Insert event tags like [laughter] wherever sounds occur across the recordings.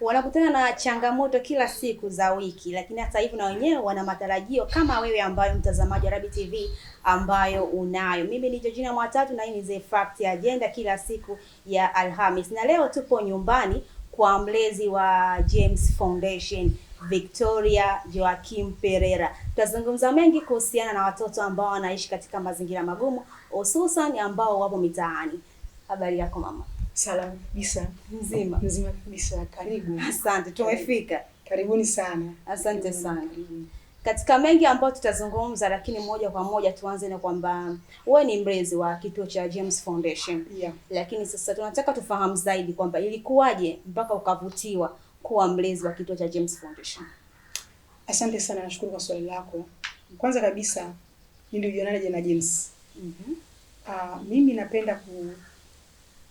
wanakutana na changamoto kila siku za wiki, lakini hata hivyo na wenyewe wana matarajio kama wewe ambayo mtazamaji wa Rabi TV ambayo unayo. Mimi ni Georgina Mwatatu na hii ni The Fact Agenda kila siku ya Alhamis, na leo tupo nyumbani kwa mlezi wa James Foundation Victoria Joaquim Pereira. Tutazungumza mengi kuhusiana na watoto ambao wanaishi katika mazingira magumu, hususan ambao wapo mitaani. Habari yako mama? Salama kabisa. Mzima mzima kabisa. Karibu. [laughs] Asante, tumefika. Karibuni sana. Asante sana. Katika mengi ambayo tutazungumza, lakini moja kwa moja tuanze na kwamba wewe ni mrezi wa kituo cha James Foundation. Yeah. Lakini sasa tunataka tufahamu zaidi kwamba ilikuwaje mpaka ukavutiwa kuwa mrezi wa kituo cha James Foundation. Asante sana, nashukuru kwa swali lako. Kwanza kabisa nilivyonaje na James? Mhm. Mm, mimi napenda ku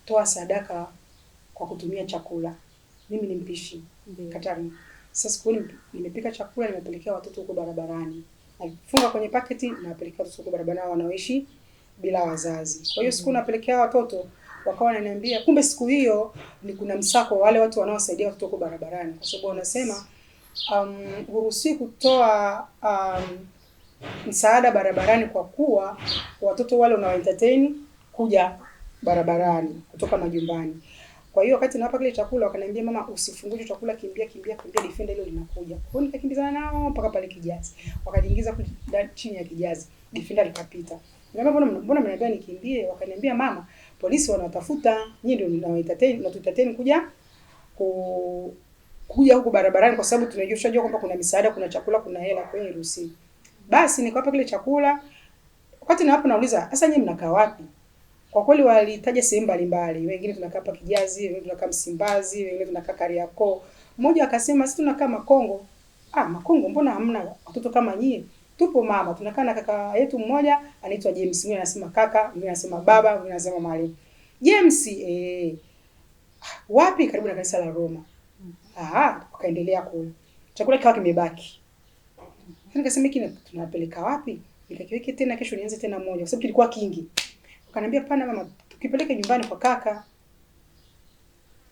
toa sadaka kwa kutumia chakula. Mimi ni mpishi mm. Katari. Sasa siku nimepika chakula nimepelekea watoto huko barabarani, nafunga kwenye paketi napelekea watoto huko barabarani wanaoishi bila wazazi. Kwa hiyo siku napelekea watoto wakawa wananiambia kumbe siku hiyo ni kuna msako wale watu wanaosaidia watoto huko barabarani, kwa sababu wanasema um, huruhusi kutoa um, msaada barabarani kwa kuwa watoto wale unawaentertain kuja barabarani kutoka majumbani. Kwa hiyo wakati nawapa kile chakula wakaniambia, mama, usifungue chakula, kimbia kimbia kimbia, defender hilo linakuja. Kwa hiyo nikakimbizana nao mpaka pale kijazi, wakajiingiza chini ya kijazi, defender likapita. Nikamwambia, mbona mbona mnaniambia nikimbie? Wakaniambia, mama, polisi wanatafuta nyinyi, ndio mnawaentertain na tutateni kuja ku kuja huko barabarani, kwa sababu tunajua kwamba kuna misaada, kuna chakula, kuna hela, kwa hiyo ruhusi. Basi nikawapa kile chakula, wakati nawapo nauliza, sasa nyinyi mnakaa wapi? Kwa kweli walitaja sehemu mbalimbali, wengine tunakaa hapa Kijazi, wengine tunakaa Msimbazi, wengine tunakaa Kariakoo. Mmoja akasema sisi tunakaa Makongo. Ah, Makongo mbona hamna watoto kama nyie? Tupo mama, tunakaa na kaka yetu mmoja anaitwa James. Mimi nasema kaka, mimi nasema baba, mimi nasema mwalimu. James eh, wapi? Karibu na kanisa la Roma. Ah, tukaendelea kule. Chakula kikawa kimebaki. Nikasema kina tunapeleka wapi? Nikakiweke tena kesho nianze tena moja kwa sababu kilikuwa kingi. Akaniambia pana mama, tukipeleke nyumbani kwa kaka.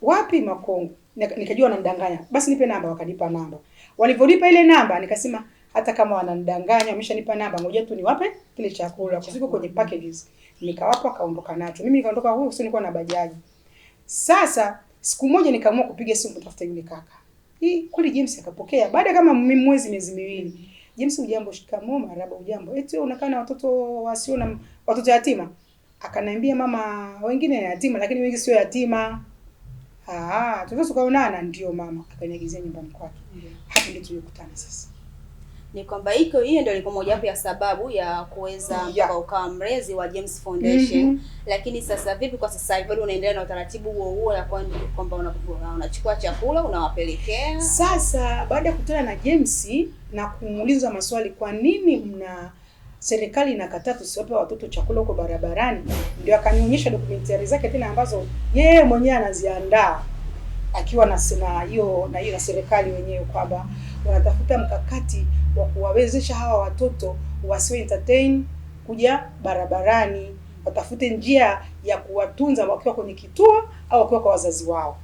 Wapi Makongo? Nikajua wananidanganya. Basi nipe namba, wakanipa namba. Walivyonipa ile namba nikasema hata kama wananidanganya wameshanipa namba, ngoja tu niwape kile chakula. kwa Kusiko kwenye packages. Nikawapa kaondoka nacho. Mimi nikaondoka huko, oh, sio nilikuwa na bajaji. Sasa siku moja nikaamua kupiga simu kutafuta yule kaka. Hii kweli James akapokea. Baada kama mwezi miezi miwili. James, ujambo? Shikamoo. Marahaba. Ujambo? Eti eh, unakaa na watoto wasio na watoto yatima? Akaniambia mama, wengine ni yatima lakini wengi sio yatima. Ah, tunaweza kuonana. Ndio mama, akaniagizia nyumbani kwake. Hapo ndio tulikutana sasa. Ni kwamba iko hiyo ndio ilikuwa mojawapo ya sababu ya kuweza mpaka ukawa mrezi wa James Foundation. Mm -hmm. Lakini sasa vipi kwa sasa hivi unaendelea na utaratibu huo huo ya kwamba unachukua una chakula unawapelekea? Sasa baada ya kukutana na James na kumuuliza maswali, kwa nini mna serikali inakataa tusiwape watoto chakula huko barabarani, ndio akanionyesha dokumentari zake tena ambazo yeye mwenyewe anaziandaa akiwa na hiyo na hiyo na serikali wenyewe kwamba wanatafuta mkakati wa kuwawezesha hawa watoto wasiwe entertain kuja barabarani, watafute njia ya kuwatunza wakiwa kwenye kituo au wakiwa kwa wazazi wao.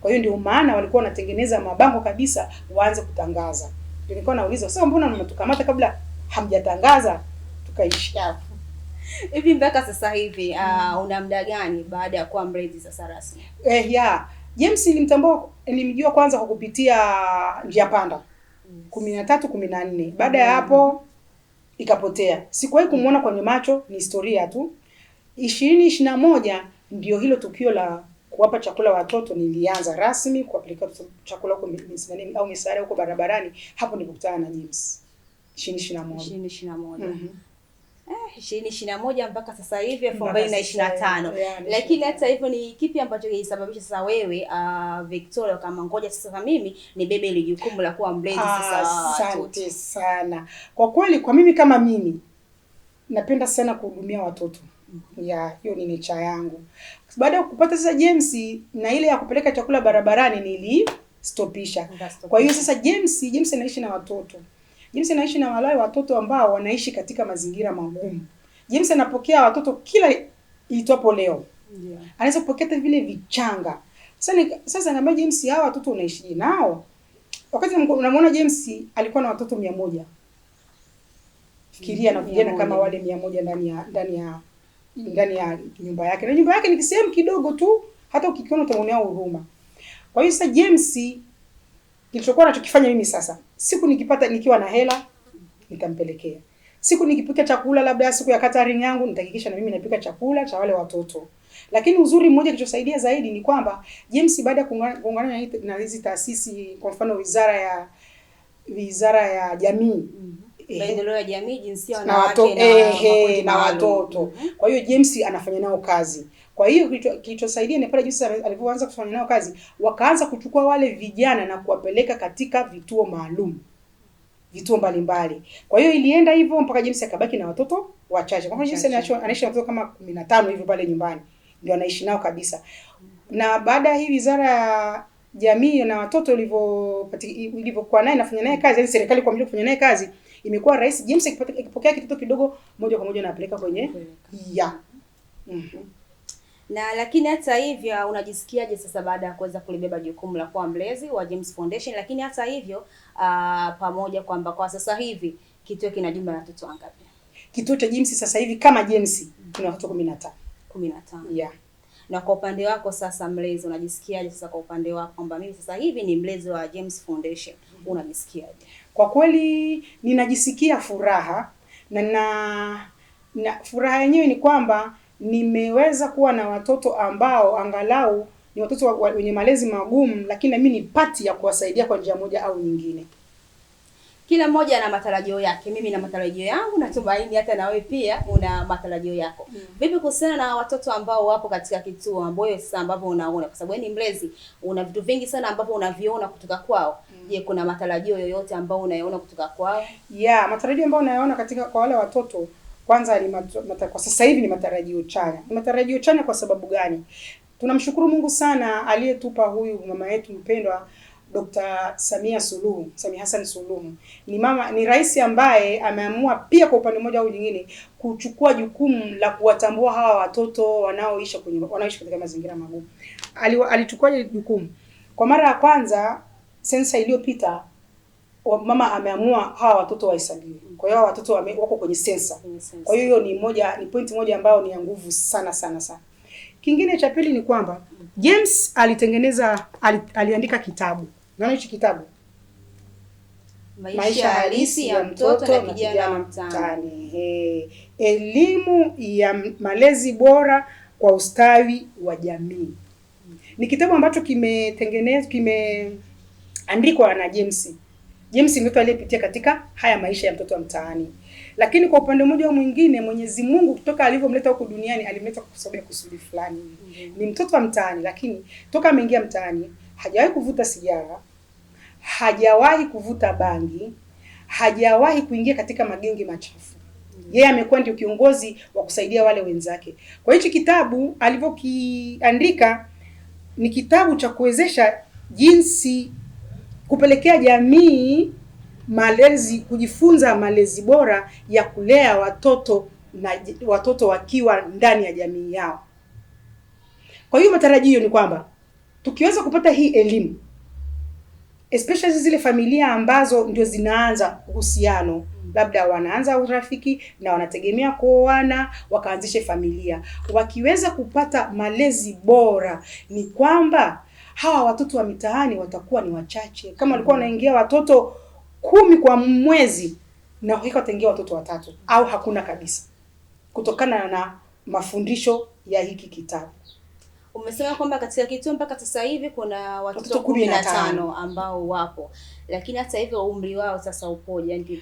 Kwa hiyo ndio maana walikuwa wanatengeneza mabango kabisa waanze kutangaza. Ndio nilikuwa nauliza sasa, mbona mnatukamata kabla hamjatangaza tukaisha hivi mpaka sasa hivi. mm. Uh, una muda gani baada ya kuwa mrezi sasa rasmi? Eh, ya James nilimtambua eh, nilimjua kwanza kwa kupitia njia panda kumi na tatu kumi na nne mm. baada ya hapo ikapotea, sikuwahi kumwona kwenye macho, ni historia tu. ishirini ishirini na moja ndio hilo tukio la kuwapa chakula watoto nilianza rasmi kuwapeleka chakula huko au misaada huko barabarani, hapo nilikutana na James. mm ishirini mhm. eh, ishirini na moja mpaka sasa hivi elfu mbili na ishirini na tano Lakini hata hivyo, ni kipi ambacho kilisababisha sasa wewe uh, Victoria kama ngoja sasa mimi ni bebe ile jukumu la kuwa mlezi sasa? Asante sana kwa kweli, kwa mimi kama mimi napenda sana kuhudumia watoto mhm. ya hiyo ni nicha yangu. Baada ya kupata sasa James na ile ya kupeleka chakula barabarani nili stopisha Kwa hiyo sasa James James anaishi na watoto mm Jinsi naishi na walai watoto ambao wanaishi katika mazingira magumu. Jinsi anapokea watoto kila itwapo leo. Yeah. Anaweza kupokea vile vichanga. Sasa sasa ngambia James hawa watoto unaishi nao? Wakati unamwona James alikuwa na watoto 100. Fikiria na vijana kama wale 100 ndani ya ndani ya ndani ya nyumba yake. Na nyumba yake ni kisehemu kidogo tu, hata ukikiona utamwonea huruma. Kwa hiyo sasa James kilichokuwa anachokifanya mimi sasa siku nikipata nikiwa na hela nitampelekea siku nikipika chakula labda siku ya catering yangu nitahakikisha na mimi napika chakula cha wale watoto. Lakini uzuri mmoja kilichosaidia zaidi ni kwamba James baada ya kuungana na hizi taasisi, kwa mfano wizara ya wizara ya jamii mm-hmm. maendeleo ya jamii, jinsia, wanawake na watoto, na mm-hmm. watoto. Kwa hiyo James anafanya nao kazi. Kwa hiyo kilichosaidia ni pale jinsi alivyoanza kufanya nao kazi, wakaanza kuchukua wale vijana na kuwapeleka katika vituo maalum, vituo mbalimbali. Kwa hiyo ilienda hivyo mpaka jinsi akabaki na watoto wachache. Kwa mfano jinsi anaishi na watoto kama 15 hivyo pale nyumbani, ndio anaishi nao kabisa. Na baada ya hii wizara ya jamii na watoto ilivyokuwa naye nafanya naye kazi, yani serikali kwa mjibu kufanya naye kazi, imekuwa rahisi James akipokea kitoto kidogo, moja kwa moja anapeleka kwenye ya mm -hmm na lakini hata hivyo, unajisikiaje sasa baada ya kuweza kulibeba jukumu la kuwa mlezi wa James Foundation? Lakini hata hivyo aa, ah, pamoja kwamba kwa sasa hivi kituo kina jumla ya watoto wangapi? Kituo cha James sasa hivi kama James kuna watoto 15. 15. Yeah. Na kwa upande wako sasa mlezi, unajisikiaje sasa kwa upande wako kwamba mimi sasa hivi ni mlezi wa James Foundation, unajisikiaje? Kwa kweli ninajisikia furaha na na, na furaha yenyewe ni kwamba nimeweza kuwa na watoto ambao angalau ni watoto wenye malezi magumu, lakini na mimi ni pati ya kuwasaidia kwa njia moja au nyingine. Kila mmoja ana matarajio yake. Mimi na matarajio yangu, natumaini hata na wewe pia una matarajio yako. Mm. Vipi kuhusiana na watoto ambao wapo katika kituo ambao sasa ambavyo unaona, kwa sababu ni mlezi, una vitu vingi sana ambavyo unaviona kutoka kwao. Mm. Je, kuna matarajio yoyote ambao unayaona kutoka kwao? Yeah, matarajio ambayo unayaona katika kwa wale watoto kwanza ni mata, kwa sasa hivi ni matarajio chanya. Ni matarajio chanya kwa sababu gani? Tunamshukuru Mungu sana aliyetupa huyu mama yetu mpendwa Dr. Samia Suluhu, Samia Hassan Suluhu. Ni mama ni rais ambaye ameamua pia kwa upande mmoja au nyingine kuchukua jukumu la kuwatambua hawa watoto wanaoishi kwenye wanaoishi katika mazingira magumu. Alichukua jukumu. Kwa mara ya kwanza sensa iliyopita mama ameamua hawa watoto wahesabiwe. Kwa hiyo hawa watoto wame, wako kwenye sensa. Kwa hiyo hiyo ni moja ni pointi moja ambayo ni ya nguvu sana sana sana. Kingine cha pili ni kwamba James alitengeneza ali, aliandika kitabu. Unaona hichi kitabu? Maisha halisi ya mtoto na kijana mtaani. Hey. Elimu ya malezi bora kwa ustawi wa jamii. Ni kitabu ambacho kimetengenezwa kimeandikwa na James jinsi Mtoto aliyepitia katika haya maisha ya mtoto wa mtaani. Lakini kwa upande mmoja au mwingine, Mwenyezi Mungu kutoka alivyomleta huku duniani alimleta kwa sababu ya kusudi fulani. mm -hmm. Ni mtoto wa mtaani, lakini toka ameingia mtaani hajawahi kuvuta sigara, hajawahi kuvuta bangi, hajawahi kuingia katika magenge machafu mm-hmm. yeye amekuwa ndio kiongozi wa kusaidia wale wenzake. Kwa hichi kitabu alivyokiandika ni kitabu cha kuwezesha jinsi kupelekea jamii malezi, kujifunza malezi bora ya kulea watoto na watoto wakiwa ndani ya jamii yao. Kwa hiyo matarajio ni kwamba tukiweza kupata hii elimu especially zile familia ambazo ndio zinaanza uhusiano, labda wanaanza urafiki na wanategemea kuoana wakaanzishe familia, wakiweza kupata malezi bora, ni kwamba hawa watoto wa mitaani watakuwa ni wachache. Kama mm. walikuwa wanaingia watoto kumi kwa mwezi, na hakika wataingia watoto watatu au hakuna kabisa, kutokana na mafundisho ya hiki kitabu. Umesema kwamba katika kituo mpaka sasa hivi kuna watoto kumi na tano ambao wapo, lakini hata hivyo umri wao sasa upoje? Yani,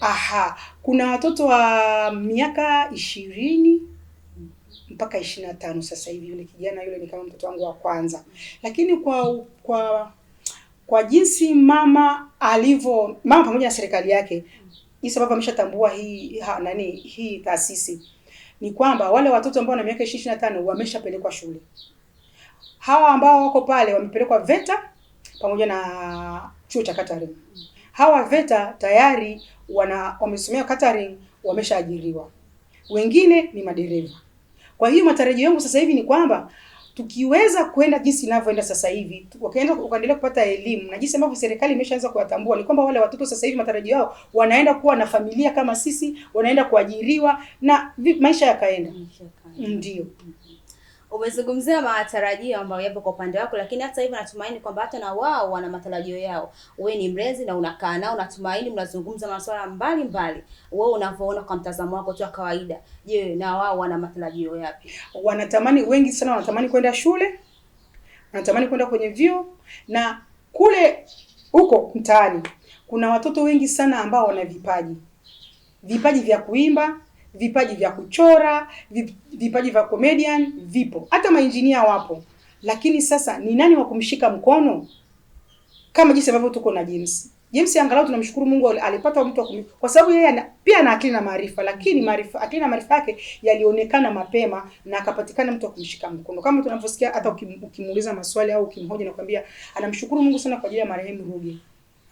aha, kuna watoto wa miaka ishirini mpaka ishirini na tano sasa hivi. Yule kijana yule ni kama mtoto wangu wa kwanza, lakini kwa kwa kwa jinsi mama alivyo, mama pamoja na serikali yake, hii sababu ameshatambua hii ha, nani hii taasisi ni kwamba wale watoto ambao wana miaka ishirini na tano wameshapelekwa shule. Hawa ambao wako pale wamepelekwa VETA pamoja na chuo cha catering. Hawa VETA tayari wana wamesomea catering, wameshaajiriwa. Wengine ni madereva. Kwa hiyo matarajio yangu sasa hivi ni kwamba tukiweza kwenda jinsi inavyoenda sasa hivi, wakaenda ukaendelea kupata elimu na jinsi ambavyo serikali imeshaanza kuwatambua, ni kwamba wale watoto sasa hivi matarajio yao wanaenda kuwa na familia kama sisi, wanaenda kuajiriwa na maisha yakaenda, ndio. Umezungumzia matarajio ambayo yapo kwa upande wako, lakini hata hivyo natumaini kwamba hata na wao wana matarajio yao. Wewe ni mlezi na unakaa nao, natumaini mnazungumza masuala mbalimbali. Wewe unavyoona kwa mtazamo wako tu wa kawaida, je, na wao wana matarajio yapi? Wanatamani, wengi sana wanatamani kwenda shule, wanatamani kwenda kwenye vyuo, na kule huko mtaani kuna watoto wengi sana ambao wana vipaji, vipaji vya kuimba vipaji vya kuchora, vipaji vya comedian vipo, hata mainjinia wapo, lakini sasa ni nani wa kumshika mkono kama jinsi ambavyo tuko na James. James angalau tunamshukuru Mungu alipata mtu wa kumshika, kwa sababu yeye pia ana akili na maarifa, lakini maarifa, akili na maarifa yake yalionekana mapema na akapatikana mtu wa kumshika mkono, kama tunavyosikia hata ukimuuliza maswali au ukimhoja na kumwambia, anamshukuru Mungu sana kwa ajili ya marehemu Ruge.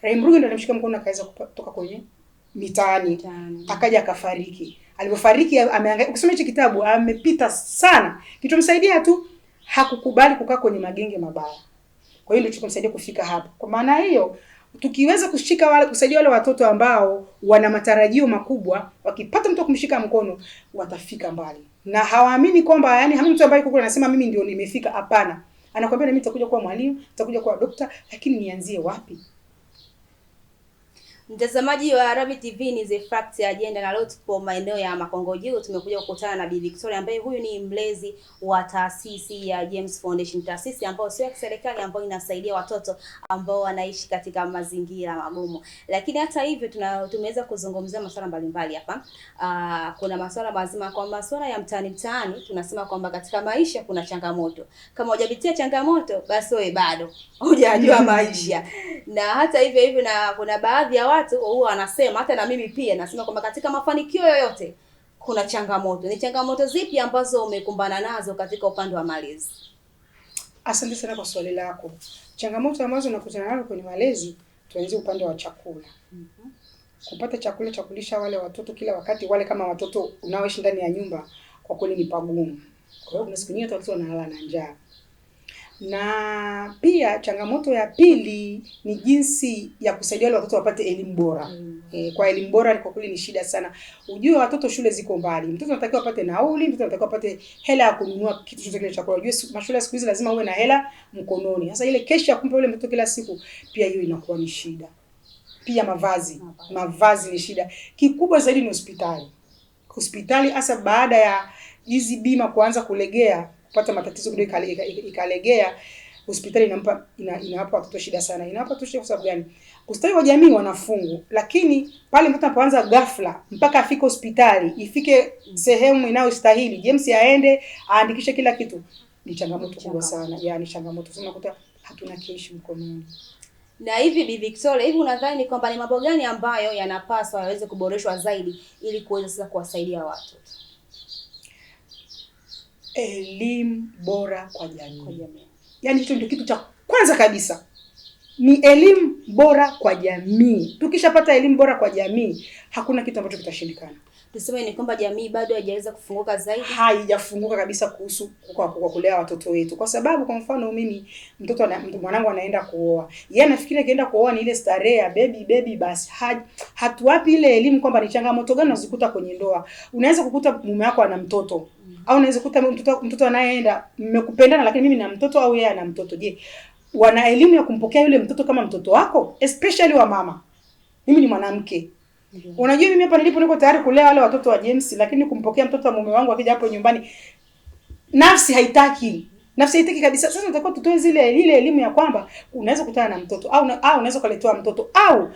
Marehemu Ruge ndiye alimshika mkono akaweza kutoka kwenye mitaani, akaja akafariki Alipofariki ameangalia, ukisoma hicho kitabu amepita sana. Kichomsaidia tu hakukubali kukaa kwenye magenge mabaya. Kwa hiyo ndio kilichomsaidia kufika hapa. Kwa maana hiyo tukiweza kushika wale kusaidia wale watoto ambao wana matarajio makubwa, wakipata mtu kumshika mkono watafika mbali, na hawaamini kwamba, yani hamna mtu ambaye kukula anasema mimi ndio nimefika. Hapana, anakuambia na mimi nitakuja kuwa mwalimu, nitakuja kuwa dokta, lakini nianzie wapi? Mtazamaji wa Rabi TV ni The Fact Agenda, na leo tupo maeneo ya Makongo Juu. Tumekuja kukutana na Bi Victoria ambaye huyu ni mlezi wa taasisi ya James Foundation, taasisi ambayo sio ya kiserikali, ambayo inasaidia watoto ambao wanaishi katika mazingira magumu. Lakini hata hivyo tuna tumeweza kuzungumzia masuala mbalimbali hapa. Ah, kuna masuala mazima kwa masuala ya mtaani mtaani, tunasema kwamba katika maisha kuna changamoto. Kama hujapitia changamoto, basi wewe bado hujajua [laughs] maisha na hata hivyo hivyo, na kuna baadhi ya watu huwa wanasema, hata na mimi pia nasema kwamba katika mafanikio yoyote kuna changamoto. Ni changamoto zipi ambazo umekumbana nazo katika upande wa malezi? Asante sana kwa swali lako. Changamoto ambazo nakutana nazo kwenye malezi, tuanze upande wa chakula. mm -hmm. Kupata chakula cha kulisha wale watoto kila wakati, wale kama watoto unaoishi ndani ya nyumba, kwa kweli ni pagumu. Kwa hiyo kuna siku nyingi watoto wanalala na njaa na pia changamoto ya pili ni jinsi ya kusaidia wale watoto wapate elimu bora mm. E, kwa elimu bora kwa kweli ni shida sana. Ujue watoto shule ziko mbali, mtoto anatakiwa apate nauli, mtoto anatakiwa apate hela ya kununua kitu chochote kile cha kula. Ujue mashule siku hizi lazima uwe na hela mkononi. Sasa ile kesho ya kumpa yule mtoto kila siku, pia hiyo inakuwa ni shida. Pia mavazi, mavazi ni shida. Kikubwa zaidi ni hospitali, hospitali hasa baada ya hizi bima kuanza kulegea kupata matatizo kidogo ikalegea, hospitali inampa ina, inawapa watoto shida sana. Inawapa watoto shida kwa sababu gani? Kustawi wa jamii wanafungu, lakini pale mtoto anapoanza ghafla mpaka afike hospitali ifike sehemu inayostahili, James aende aandikishe kila kitu, ni changamoto kubwa sana. Ya ni changamoto sana, kuta hatuna keshi mkononi. Na hivi Bi Victoria, hivi unadhani ni kwamba ni mambo gani ambayo yanapaswa yaweze kuboreshwa zaidi ili kuweza sasa kuwasaidia watoto? elimu bora kwa jamii. Yaani hicho ndio kitu cha kwanza kabisa, ni elimu bora kwa jamii. Tukishapata elimu bora kwa jamii, hakuna kitu ambacho kitashindikana tuseme ni kwamba jamii bado haijaweza kufunguka zaidi, haijafunguka kabisa kuhusu kwa, kwa kulea watoto wetu, kwa sababu kwa mfano mimi mtoto ana, mwanangu anaenda kuoa, yeye anafikiri akienda kuoa ni ile starehe ya baby baby, basi hatuwapi ile elimu kwamba ni changamoto gani unazikuta kwenye ndoa. Unaweza kukuta mume wako ana mtoto mm. au unaweza kukuta mtoto mtoto anayeenda mmekupendana, lakini mimi na mtoto au yeye ana mtoto. Je, wana elimu ya kumpokea yule mtoto kama mtoto wako, especially wa mama? Mimi ni mwanamke Yeah. Unajua mimi hapa nilipo niko tayari kulea wale watoto wa James lakini kumpokea mtoto wa mume wangu akija hapo nyumbani nafsi haitaki. Nafsi haitaki kabisa. Sasa nataka tutoe zile ile elimu ya kwamba unaweza kutana na mtoto au na, au unaweza kuletewa mtoto au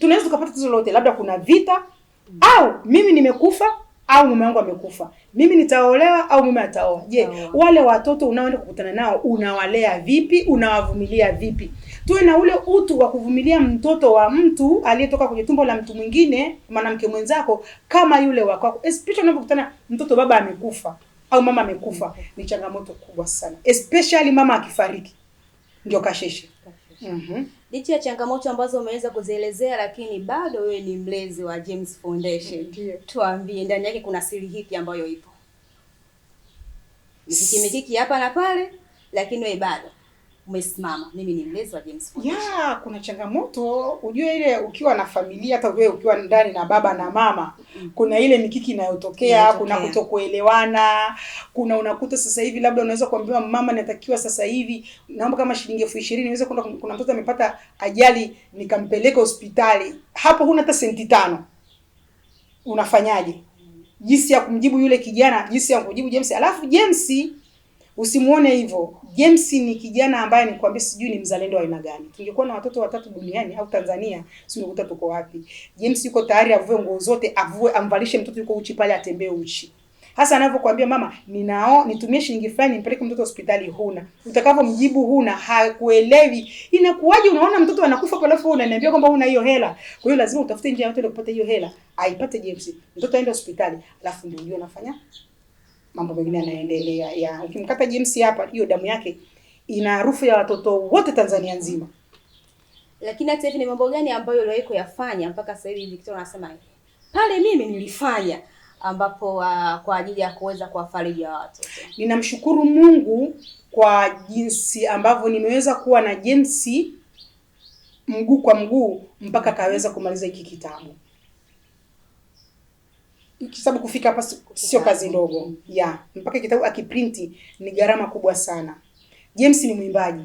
tunaweza tukapata tatizo lolote, labda kuna vita mm. au mimi nimekufa au mume wangu amekufa, mimi nitaolewa au mume ataoa. Je, yeah. wale watoto unaoenda kukutana nao unawalea vipi? Unawavumilia vipi? tuwe na ule utu wa kuvumilia mtoto wa mtu aliyetoka kwenye tumbo la mtu mwingine, mwanamke mwenzako kama yule wa kwako, especially unapokutana mtoto baba amekufa au mama amekufa. Ni changamoto kubwa sana, especially mama akifariki ndio kasheshe. mm -hmm. ya changamoto ambazo umeweza kuzielezea, lakini bado wewe ni mlezi wa James Foundation. mm Tuambie, ndani yake kuna siri hipi ambayo ipo mikiki hapa na pale, lakini wewe bado umesimama. Mimi ni mlezi wa James Foundation. Yeah, kuna changamoto ujue, ile ukiwa na familia, hata wewe ukiwa ndani na baba na mama mm. kuna ile mikiki inayotokea, kuna kutokuelewana, kuna unakuta sasa hivi labda unaweza kuambiwa mama, natakiwa sasa hivi naomba kama shilingi elfu ishirini niweze kwenda, kuna mtoto amepata ajali nikampeleka hospitali, hapo huna hata senti tano, unafanyaje? Jinsi ya kumjibu yule kijana, jinsi ya kumjibu James. Alafu James Usimuone hivyo. James ni kijana ambaye ni nikwambia sijui ni mzalendo wa aina gani. Tungekuwa na watoto watatu duniani au Tanzania, si ungekuta tuko wapi? James yuko tayari avue nguo zote, avue amvalishe mtoto yuko uchi pale atembee uchi. Hasa anavyokuambia mama, ninao nitumie shilingi fulani nipeleke mtoto hospitali, huna. Utakavyomjibu huna, hakuelewi. Inakuwaje unaona mtoto anakufa pale afu unaniambia kwamba huna hiyo hela. Kwa hiyo lazima utafute njia yote ili kupata hiyo hela, aipate James. Mtoto aende hospitali, alafu ndio unafanya mambo mengine yanaendelea ya ukimkata James hapa, hiyo damu yake ina harufu ya watoto wote Tanzania nzima. Lakini hata hivi, ni mambo gani ambayo uliwahi kuyafanya mpaka sasa hivi? Victor anasema pale, mimi nilifanya ambapo uh, kwa ajili ya kuweza kuwafariji wa watoto. Ninamshukuru Mungu kwa jinsi ambavyo nimeweza kuwa na James mguu kwa mguu mpaka akaweza kumaliza hiki kitabu sababu kufika hapa sio kazi ndogo ya Mpaka kitabu akiprinti ni gharama kubwa sana. James ni mwimbaji.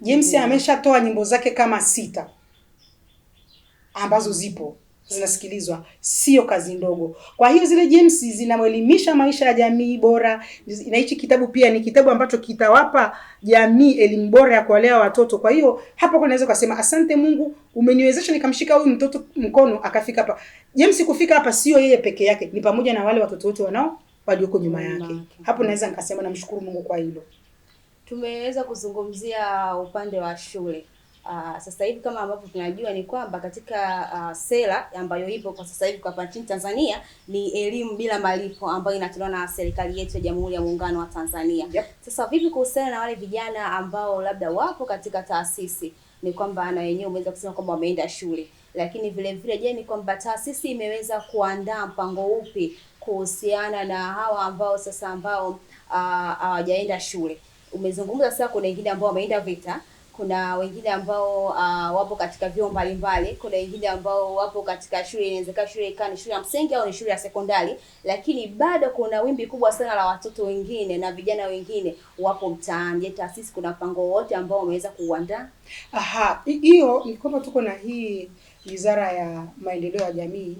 James ameshatoa nyimbo zake kama sita ambazo zipo zinasikilizwa, sio kazi ndogo. Kwa hiyo zile James zinamwelimisha maisha ya jamii bora, na hichi kitabu pia ni kitabu ambacho kitawapa jamii elimu bora ya kuwalea watoto. Kwa hiyo hapo naweza kusema asante Mungu, umeniwezesha nikamshika huyu mtoto mkono akafika hapa. James kufika hapa sio yeye peke yake, ni pamoja na wale watoto wote wanao walioko nyuma yake. Hapo naweza nikasema namshukuru Mungu kwa hilo. Tumeweza kuzungumzia upande wa shule Uh, sasa hivi kama ambavyo tunajua ni kwamba katika uh, sera ambayo ipo kwa sasa hivi kwa hapa nchini Tanzania ni elimu bila malipo ambayo inatolewa na serikali yetu ya Jamhuri ya Muungano wa Tanzania. Yep. Sasa vipi kuhusiana na wale vijana ambao labda wapo katika taasisi? Ni kwamba na wenyewe umeweza kusema kwamba wameenda shule, lakini vile vile, je, ni kwamba taasisi imeweza kuandaa mpango upi kuhusiana na hawa ambao sasa ambao ah, hawajaenda uh, uh, shule? Umezungumza sasa, kuna wengine ambao wameenda vita kuna wengine ambao uh, wapo katika vyuo mbalimbali. Kuna wengine ambao wapo katika shule, inawezekana shule ikawa ni shule ya msingi au ni shule ya sekondari, lakini bado kuna wimbi kubwa sana la watoto wengine na vijana wengine wapo mtaani. Je, taasisi kuna mpango wote ambao wameweza kuuandaa? Aha, hiyo ni kwamba tuko na hii wizara ya maendeleo ya jamii,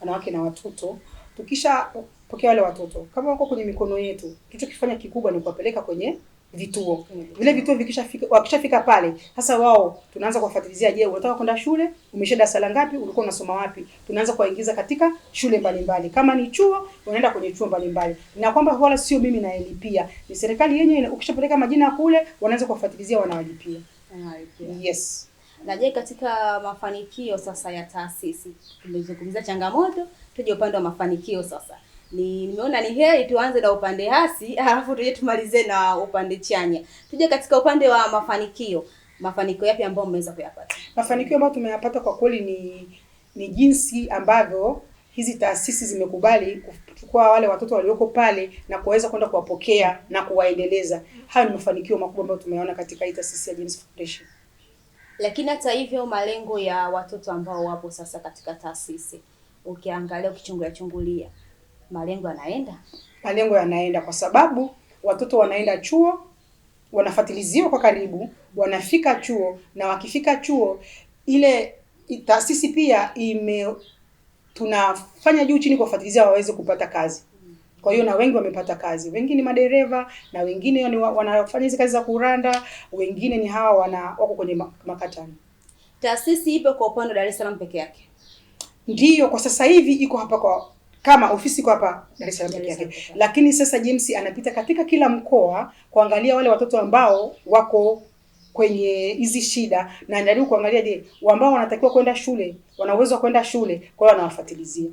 wanawake na watoto. Tukisha pokea wale watoto, kama wako kwenye mikono yetu, kifanya kikubwa ni kuwapeleka kwenye vituo vile vituo vikishafika, wakishafika pale sasa, wao tunaanza kuwafuatilizia. Je, unataka kwenda shule? Umeisha darasa la ngapi? Ulikuwa unasoma wapi? Tunaanza kuwaingiza katika shule mbalimbali. Kama ni chuo, unaenda kwenye chuo mbalimbali, na kwamba wala sio mimi naelipia, ni serikali yenyewe. Ukishapeleka majina kule, wanaanza kuwafuatilizia, wanawalipia. Yes. Na je, katika mafanikio sasa ya taasisi, tumezungumzia changamoto, tuje upande wa mafanikio sasa ni nimeona ni heri tuanze na upande hasi, [laughs] alafu tuje tumalize na upande chanya. Tuje katika upande wa mafanikio. Mafanikio yapi ambayo mmeweza kuyapata? Mafanikio ambayo tumeyapata kwa kweli ni ni jinsi ambavyo hizi taasisi zimekubali kuchukua wale watoto walioko pale na kuweza kwenda kuwapokea na kuwaendeleza. Hayo ni mafanikio makubwa ambayo tumeona katika hii taasisi ya James Foundation. Lakini hata hivyo, malengo ya watoto ambao wapo sasa katika taasisi, ukiangalia ukichungulia chungulia malengo yanaenda, malengo yanaenda, kwa sababu watoto wanaenda chuo, wanafatiliziwa kwa karibu, wanafika chuo, na wakifika chuo ile taasisi pia ime tunafanya juu chini kuwafatilizia waweze kupata kazi. Kwa hiyo na wengi wamepata kazi, wengi ni madereva na wengine ni wanafanya hizi kazi za kuranda, wengine ni hawa wana wako kwenye makatani. Taasisi ipo kwa upande wa Dar es Salaam peke yake? Ndiyo, kwa sasa hivi iko hapa kwa kama ofisi kwa hapa Dar es Salaam peke yake, lakini sasa jinsi anapita katika kila mkoa kuangalia wale watoto ambao wako kwenye hizi shida, na anajaribu kuangalia, je, ambao wanatakiwa kwenda shule wana uwezo wa kwenda shule, kwa hiyo anawafuatilizia.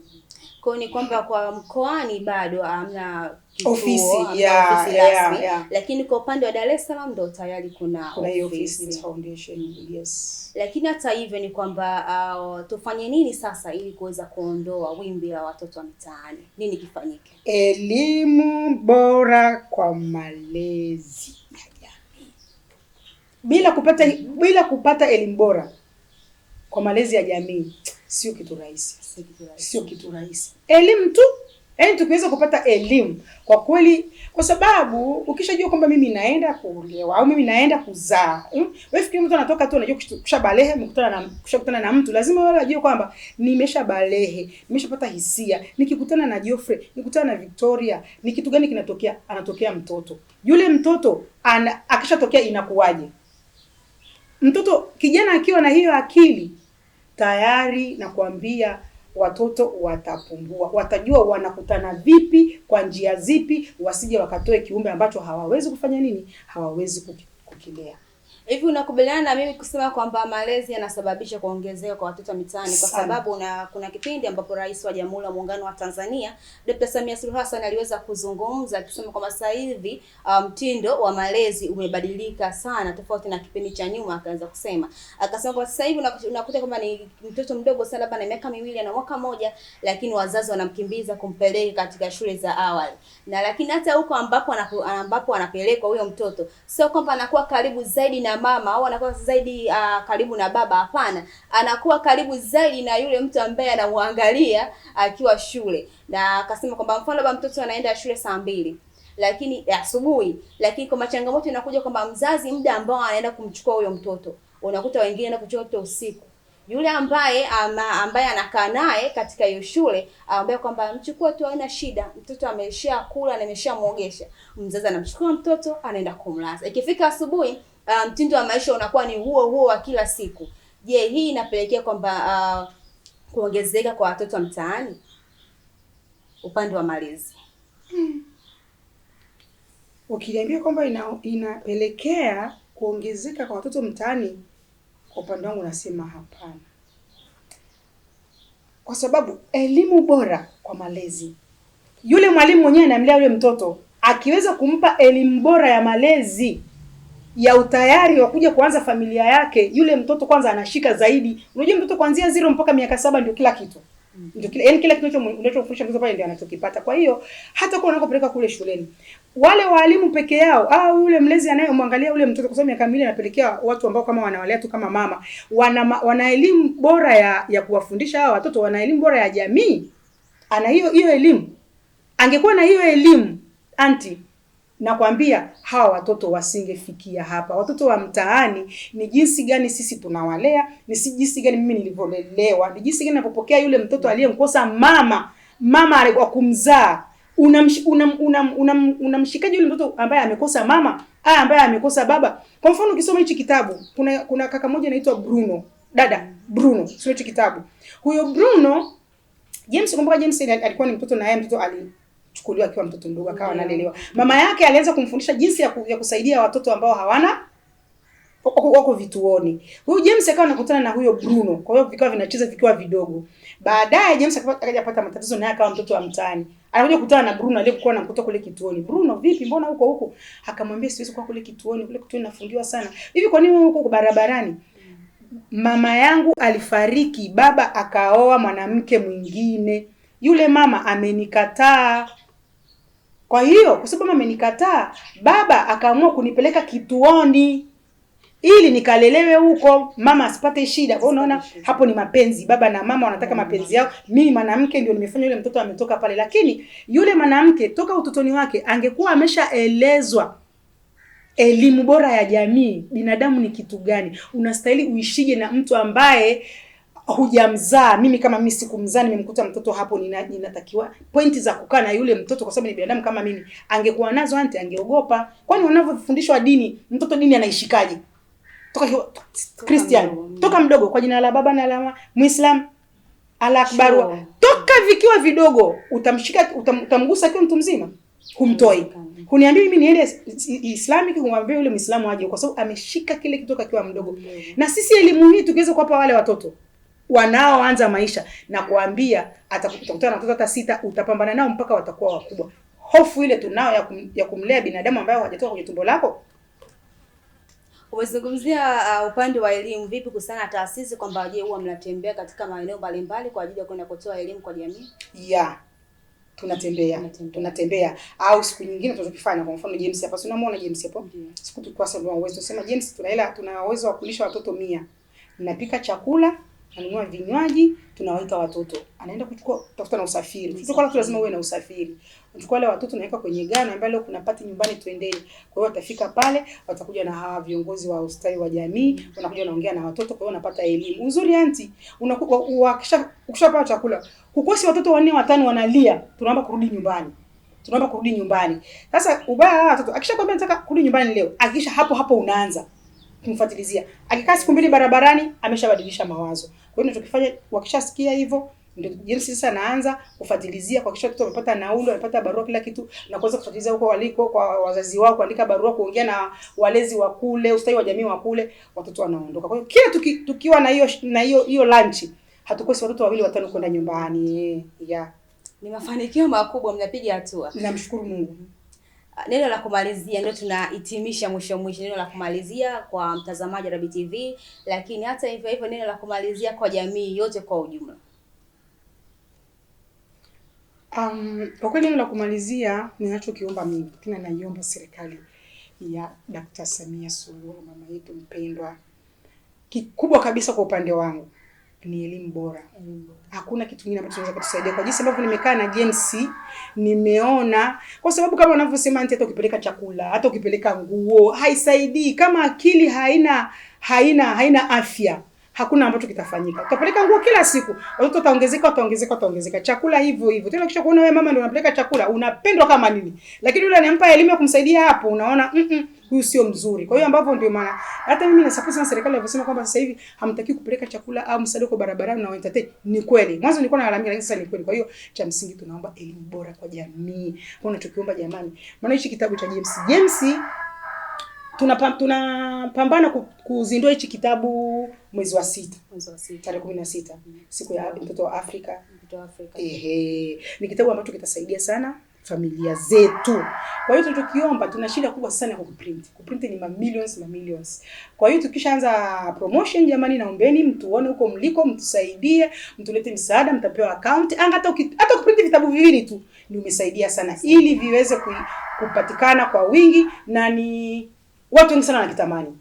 Kwa hiyo ni kwamba kwa mkoani bado hamna ofisi ya ofisi rasmi, lakini kwa upande wa Dar es Salaam ndo tayari kuna, kuna ofisi foundation. Yes, lakini hata hivyo ni kwamba uh, tufanye nini sasa ili kuweza kuondoa wimbi la watoto wa mitaani? Nini kifanyike? Elimu bora kwa malezi bila kupata bila kupata elimu bora kwa malezi ya jamii sio kitu rahisi, sio kitu rahisi. Elimu tu, yaani tukiweza kupata elimu kwa kweli, kwa sababu ukishajua kwamba mimi naenda kuolewa au mimi naenda kuzaa, hmm, wewe fikiri mtu anatoka tu, kisha balehe, mkutana na kutana na mtu, lazima wewe unajua kwamba balehe nimeshapata hisia, nikikutana na Geoffrey, nikutana na Victoria, ni kitu gani kinatokea? Anatokea mtoto yule mtoto, akishatokea inakuwaje? Mtoto kijana akiwa na hiyo akili tayari, nakwambia watoto watapungua, watajua wanakutana vipi, kwa njia zipi, wasije wakatoe kiumbe ambacho hawawezi kufanya nini, hawawezi kukilea. Hivi unakubaliana na mimi kusema kwamba malezi yanasababisha kuongezeka kwa watoto mitaani, kwa sababu na kuna kipindi ambapo Rais wa Jamhuri ya Muungano wa Tanzania Dr. Samia Suluhu Hassan aliweza kuzungumza akisema kwamba sasa hivi uh, mtindo um, wa malezi umebadilika sana, tofauti na kipindi cha nyuma. Akaanza kusema akasema kwa sasa hivi unakuta kwamba ni mtoto mdogo sana, labda na miaka miwili na mwaka moja, lakini wazazi wanamkimbiza kumpeleka katika shule za awali na lakini hata huko ambapo anapo, ambapo anapelekwa huyo mtoto sio kwamba anakuwa karibu zaidi na mama au anakuwa zaidi uh, karibu na baba. Hapana, anakuwa karibu zaidi na yule mtu ambaye anamwangalia akiwa uh, shule, na akasema kwamba mfano labda mtoto anaenda shule saa mbili lakini eh, asubuhi, lakini kwa changamoto inakuja kwamba mzazi, muda ambao anaenda kumchukua huyo mtoto, unakuta wengine na kuchukua mtoto usiku yule ambaye ama, ambaye anakaa naye katika hiyo shule ambaye kwamba mchukua tu, haina shida, mtoto amesha kula na muogesha. Mzazi anamchukua mtoto anaenda kumlaza. Ikifika asubuhi, ah, mtindo um, wa maisha unakuwa ni huo huo wa kila siku. Je, hii inapelekea kwamba uh, kuongezeka kwa watoto mtaani upande wa malezi? Hmm. Ukiniambia kwamba ina, inapelekea kuongezeka kwa watoto mtaani kwa upande wangu nasema hapana, kwa sababu elimu bora kwa malezi, yule mwalimu mwenyewe anamlea yule mtoto, akiweza kumpa elimu bora ya malezi ya utayari wa kuja kuanza familia yake, yule mtoto kwanza anashika zaidi. Unajua mtoto kuanzia zero mpaka miaka saba ndio kila kitu ndio kila, yani kila kitu unachofundisha mtoto pale ndio anachokipata. Kwa hiyo hata kwa unakopeleka kule shuleni, wale waalimu peke yao au yule mlezi anayemwangalia yule mtoto, kwa sababu miaka miwili anapelekea watu ambao kama wanawalea tu kama mama, wana wana elimu bora ya ya kuwafundisha hawa watoto, wana elimu bora ya jamii, ana hiyo hiyo elimu. Angekuwa na hiyo elimu anti, nakwambia hawa watoto wasingefikia hapa. Watoto wa mtaani ni jinsi gani sisi tunawalea, ni si jinsi gani mimi nilivyolelewa, ni jinsi gani napopokea yule mtoto aliyemkosa mama mama kumzaa unamshikaje mshikaji yule mtoto ambaye amekosa mama ah, ambaye amekosa baba. Kwa mfano ukisoma hichi kitabu, kuna kuna kaka mmoja anaitwa Bruno, dada Bruno, sio hichi kitabu. Huyo Bruno James, kumbuka James alikuwa ni mtoto na yeye mtoto ali chukuliwa akiwa mtoto mdogo akawa analelewa. Mama yake alianza kumfundisha jinsi ya, ku, ya kusaidia watoto ambao hawana wako, wako vituoni. Huyu James akawa anakutana na huyo Bruno, kwa hiyo vikawa vinacheza vikiwa vidogo. Baadaye James akaja pata matatizo naye akawa mtoto wa mtaani. Anakuja kukutana na Bruno aliyekuwa anamkuta kule kituoni. Bruno, vipi mbona huko huko? Akamwambia siwezi kwa kule kituoni, kule kituoni nafungiwa sana. Hivi kwa nini huko barabarani? Mama yangu alifariki, baba akaoa mwanamke mwingine. Yule mama amenikataa. Kwa hiyo kwa sababu amenikataa, baba akaamua kunipeleka kituoni ili nikalelewe huko, mama asipate shida. Kwa unaona hapo ni mapenzi, baba na mama wanataka mapenzi yao. Mimi mwanamke ndio nimefanya yule mtoto ametoka pale, lakini yule mwanamke toka utotoni wake angekuwa ameshaelezwa elimu bora ya jamii, binadamu ni kitu gani, unastahili uishije na mtu ambaye hujamzaa. Mimi kama mimi sikumzaa, nimemkuta mtoto hapo, ninatakiwa nina pointi za kukaa na yule mtoto, kwa sababu ni binadamu kama mimi. Angekuwa nazo ante, angeogopa. Kwani wanavyofundishwa dini, mtoto dini anaishikaje? toka Christian, toka mm. mdogo kwa jina la Baba na la Muislam, alakbarwa toka vikiwa vidogo, utamshika utamgusa kwa mtu mzima, humtoi. Huniambia mimi niende Islamic, kumwambia yule Muislamu aje, kwa sababu ameshika kile kitu toka akiwa mdogo. Na sisi elimu hii tukiweza kuwapa wale watoto wanaoanza maisha na kuambia, atakutana na watoto hata sita, utapambana nao mpaka watakuwa wakubwa. Hofu ile tunao ya, kum, ya kumlea binadamu ambaye hajatoka kwenye tumbo lako Umezungumzia uh, upande wa elimu, vipi kuhusiana na taasisi kwamba je, huwa mnatembea katika maeneo mbalimbali kwa ajili ya kwenda kutoa elimu kwa jamii? Yeah. Tunatembea, tunatembea, tunatembea au siku nyingine tunachokifanya, kwa mfano James hapa, si unamwona James hapo? Siku tulikuwa sasa tuna uwezo, sema James, tuna tuna uwezo wa kulisha watoto mia, napika chakula ananunua vinywaji, tunaweka watoto, anaenda kuchukua kutafuta na usafiri. Mtoto kwa lazima uwe na usafiri, unachukua wale watoto naweka kwenye gari, ambayo leo kuna pati nyumbani, twendeni. Kwa hiyo watafika pale, watakuja na hawa viongozi wa ustawi wa jamii, wanakuja naongea na watoto, kwa hiyo unapata elimu. nzuri. anti, unakisha ukishapata chakula, kukosi watoto wanne watano wanalia, tunaomba kurudi nyumbani tunaomba kurudi nyumbani. Sasa ubaya wa watoto akishakwambia nataka kurudi nyumbani leo, akisha hapo hapo unaanza kumfuatilizia. Akikaa siku mbili barabarani, ameshabadilisha mawazo. Kwa hiyo tukifanya wakishasikia hivyo ndio jinsi sasa naanza kufuatilizia kwa kisha mtoto amepata nauli, amepata barua kila kitu na kuanza kufuatilizia huko waliko kwa wazazi wao, kuandika barua, kuongea na walezi wa kule, ustawi wa jamii wa kule, watoto wanaondoka. Kwa hiyo kila tuki, tukiwa na hiyo na hiyo hiyo lunch hatukosi watoto wawili watano kwenda nyumbani. Yeah. Ni mafanikio makubwa, mnapiga hatua. Ninamshukuru Mungu. Neno la kumalizia ndio tunahitimisha mwisho mwisho, neno la kumalizia kwa mtazamaji wa Rabi TV, lakini hata hivyo hivyo neno la kumalizia kwa jamii yote kwa ujumla. Um, kwa kweli neno la kumalizia ninachokiomba mimi tena naiomba serikali ya Dkt. Samia Suluhu mama yetu mpendwa, kikubwa kabisa kwa upande wangu ni elimu bora. Hakuna kitu kingine ambacho kinaweza kutusaidia kwa jinsi ambavyo nimekaa na James, nimeona kwa sababu kama wanavyosema hata ukipeleka chakula, hata ukipeleka nguo haisaidii kama akili haina haina haina afya hakuna ambacho kitafanyika. Utapeleka nguo kila siku, watoto wataongezeka, wataongezeka, wataongezeka, chakula hivyo hivyo tena. Kisha kuona wewe mama ndio unapeleka chakula, unapendwa kama nini, lakini yule anampa elimu ya kumsaidia hapo, unaona mm -mm huyu sio mzuri. Kwa hiyo ambavyo ndio maana hata mimi na support sana serikali inavyosema kwamba sasa hivi hamtaki kupeleka chakula au msaada kwa barabarani na entertain. Ni kweli. Mwanzo nilikuwa nalalamika lakini sasa ni kweli. Kwa hiyo cha msingi tunaomba elimu bora kwa jamii. Kwa hiyo tukiomba jamani, maana hichi kitabu cha James James tunapambana tuna kuzindua hichi kitabu mwezi wa sita tarehe kumi na sita mm. siku ya mm. mtoto wa Afrika. Mtoto wa Afrika. Ehe, ni kitabu ambacho kitasaidia sana familia zetu. Kwa hiyo tukiomba, tuna shida kubwa sana kwa kuprint. Kuprint ni mamillions na millions. Kwa hiyo tukishaanza promotion, jamani, naombeni mtuone huko mliko, mtusaidie, mtulete msaada, mtapewa account. Hata hata kuprint vitabu viwili tu ni umesaidia sana, ili viweze kupatikana kwa wingi, na ni watu wengi sana wanakitamani.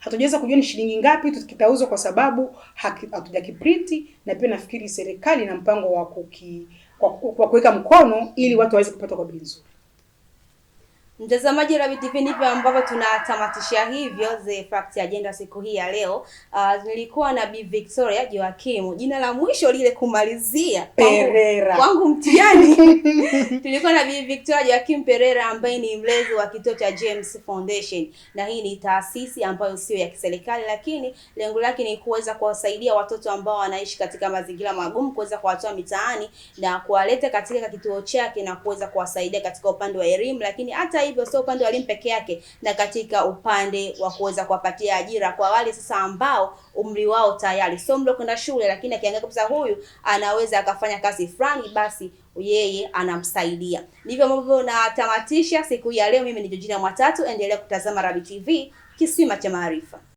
Hatujaweza kujua ni shilingi ngapi tukitauzwa, kwa sababu hatujakiprinti, na pia nafikiri serikali na mpango wa kuki kwa kuweka mkono ili watu waweze kupata kwa bei nzuri. Mtazamaji Rabi TV, ndivyo ambavyo tunatamatisha hivyo the fact agenda siku hii ya leo. Uh, nilikuwa na Bi Victoria Joakim, jina la mwisho lile kumalizia Perera wangu mtihani [laughs] tulikuwa na Bi Victoria Joakim Perera ambaye ni mlezi wa kituo cha James Foundation, na hii ni taasisi ambayo sio ya kiserikali, lakini lengo lake ni kuweza kuwasaidia watoto ambao wanaishi katika mazingira magumu, kuweza kuwatoa mitaani na kuwaleta katika kituo chake na kuweza kuwasaidia katika upande wa elimu, lakini hata hivyo sio upande wa elimu peke yake, na katika upande wa kuweza kuwapatia ajira kwa wale sasa ambao umri wao tayari sio mdogo kwenda shule, lakini akiangalia kabisa huyu anaweza akafanya kazi fulani, basi yeye anamsaidia. Ndivyo ambavyo natamatisha siku hii ya leo. Mimi ni Jojina Mwatatu, endelea kutazama Rabi TV, kisima cha maarifa.